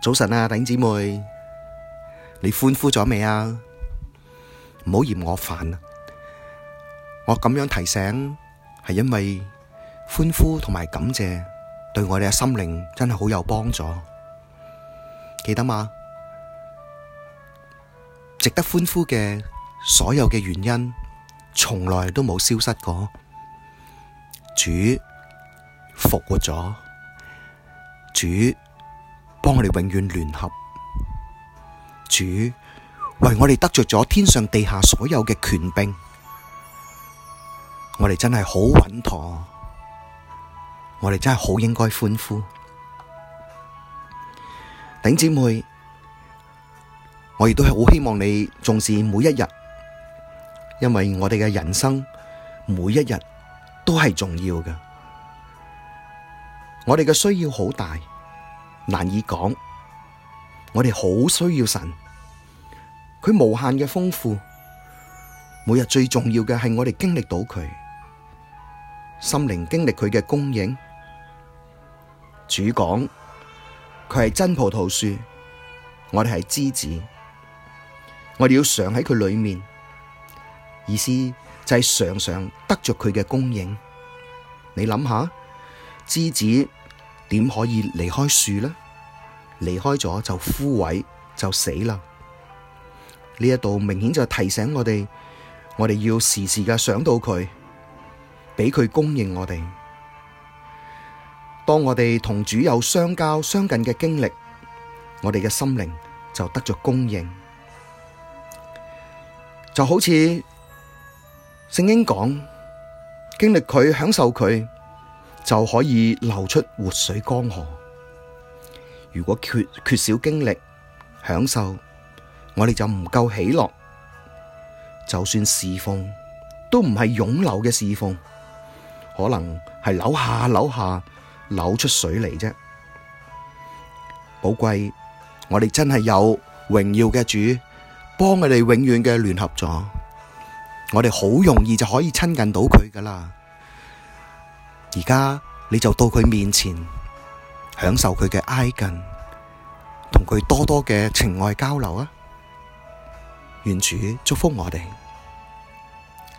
早晨啊，弟兄姊妹，你歡呼咗未啊？唔好嫌我煩啊！我咁樣提醒，係因為歡呼同埋感謝，對我哋嘅心靈真係好有幫助。記得嗎？值得歡呼嘅所有嘅原因，從來都冇消失過。主復活咗，主。我哋永遠聯合，主為我哋得着咗天上地下所有嘅權柄，我哋真係好穩妥，我哋真係好應該歡呼。頂姊妹，我亦都係好希望你重視每一日，因為我哋嘅人生每一日都係重要嘅，我哋嘅需要好大。難以講，我哋好需要神，佢無限嘅豐富。每日最重要嘅係我哋經歷到佢，心靈經歷佢嘅供應。主講，佢係真葡萄樹，我哋係枝子，我哋要常喺佢裏面，意思就係常常得着佢嘅供應。你諗下，枝子點可以離開樹呢？離開咗就枯萎就死啦！呢一度明顯就提醒我哋，我哋要時時嘅想到佢，俾佢供應我哋。當我哋同主有相交相近嘅經歷，我哋嘅心靈就得咗供應。就好似聖經講，經歷佢，享受佢，就可以流出活水江河。如果缺，缺少經歷享受，我哋就唔夠喜樂；就算侍奉，都唔係湧流嘅侍奉，可能係扭下扭下扭出水嚟啫。寶貴，我哋真係有榮耀嘅主幫我哋永遠嘅聯合咗，我哋好容易就可以親近到佢噶啦。而家你就到佢面前。享受佢嘅挨近，同佢多多嘅情愛交流啊！願主祝福我哋。